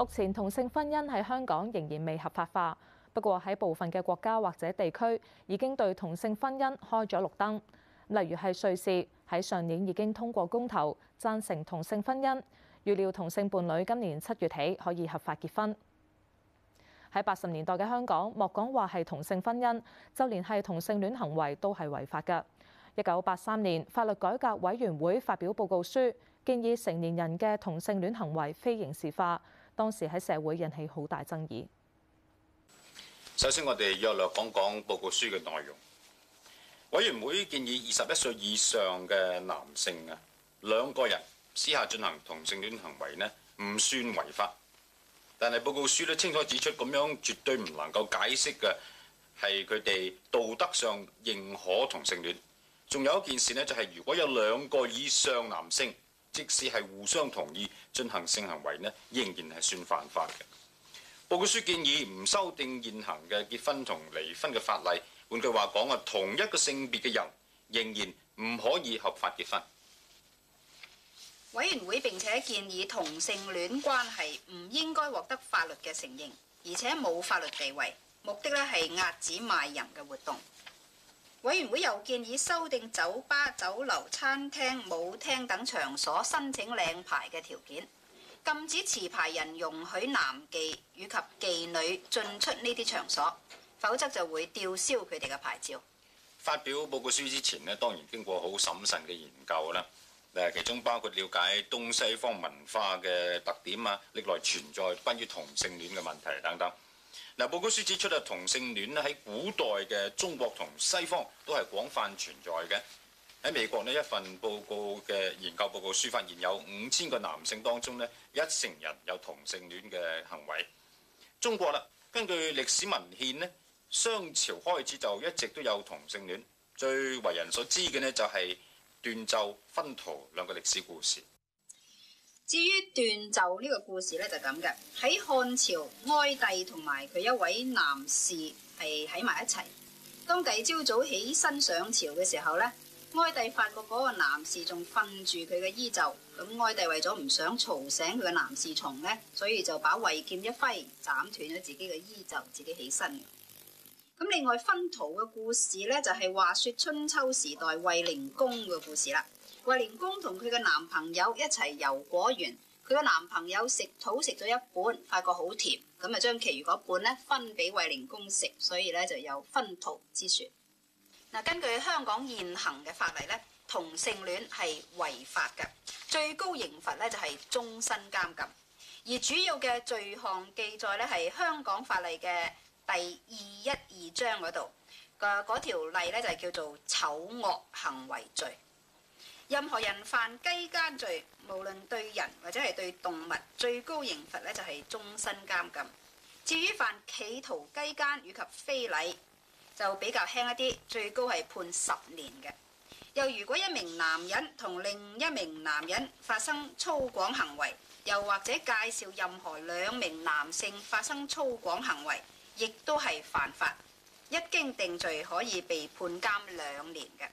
目前同性婚姻喺香港仍然未合法化，不過喺部分嘅國家或者地區已經對同性婚姻開咗綠燈，例如係瑞士，喺上年已經通過公投贊成同性婚姻，預料同性伴侶今年七月起可以合法結婚。喺八十年代嘅香港，莫講話係同性婚姻，就連係同性戀行為都係違法嘅。一九八三年法律改革委員會發表報告書，建議成年人嘅同性戀行為非刑事化。當時喺社會引起好大爭議。首先，我哋約略講講報告書嘅內容。委員會建議二十一歲以上嘅男性啊，兩個人私下進行同性戀行為呢，唔算違法。但係報告書都清楚指出，咁樣絕對唔能夠解釋嘅係佢哋道德上認可同性戀。仲有一件事呢，就係如果有兩個以上男性。即使係互相同意進行性行為呢，仍然係算犯法嘅。報告書建議唔修訂現行嘅結婚同離婚嘅法例，換句話講啊，同一個性別嘅人仍然唔可以合法結婚。委員會並且建議同性戀關係唔應該獲得法律嘅承認，而且冇法律地位，目的咧係壓止賣淫嘅活動。委員會又建議修訂酒吧、酒樓、餐廳、舞廳等場所申請領牌嘅條件，禁止持牌人容許男妓以及妓女進出呢啲場所，否則就會吊銷佢哋嘅牌照。發表報告書之前咧，當然經過好審慎嘅研究啦。誒，其中包括了解東西方文化嘅特點啊，歷來存在關於同性戀嘅問題等等。嗱，報告書指出啊，同性戀咧喺古代嘅中國同西方都係廣泛存在嘅。喺美國呢一份報告嘅研究報告書發現有五千個男性當中呢，一成人有同性戀嘅行為。中國啦，根據歷史文獻呢，商朝開始就一直都有同性戀。最為人所知嘅呢就係斷袖分桃兩個歷史故事。至於斷袖呢個故事咧就咁嘅，喺漢朝哀帝同埋佢一位男侍係喺埋一齊。當第二朝早起身上朝嘅時候咧，哀帝發覺嗰個男侍仲瞓住佢嘅衣袖，咁哀帝為咗唔想嘈醒佢嘅男侍從咧，所以就把遺劍一揮，斬斷咗自己嘅衣袖，自己起身。咁另外分桃嘅故事咧就係話說春秋時代衛靈公嘅故事啦。衛靈公同佢嘅男朋友一齊遊果園，佢嘅男朋友食桃食咗一半，發覺好甜，咁啊，將其餘嗰半咧分俾衛靈公食，所以咧就有分桃之說。嗱，根據香港現行嘅法例咧，同性戀係違法嘅，最高刑罰咧就係終身監禁。而主要嘅罪項記載咧係香港法例嘅第二一二章嗰度嘅嗰條例咧就係叫做醜惡行為罪。任何人犯雞姦罪，無論對人或者係對動物，最高刑罰咧就係終身監禁。至於犯企圖雞姦以及非禮，就比較輕一啲，最高係判十年嘅。又如果一名男人同另一名男人發生粗獷行為，又或者介紹任何兩名男性發生粗獷行為，亦都係犯法。一經定罪，可以被判監兩年嘅。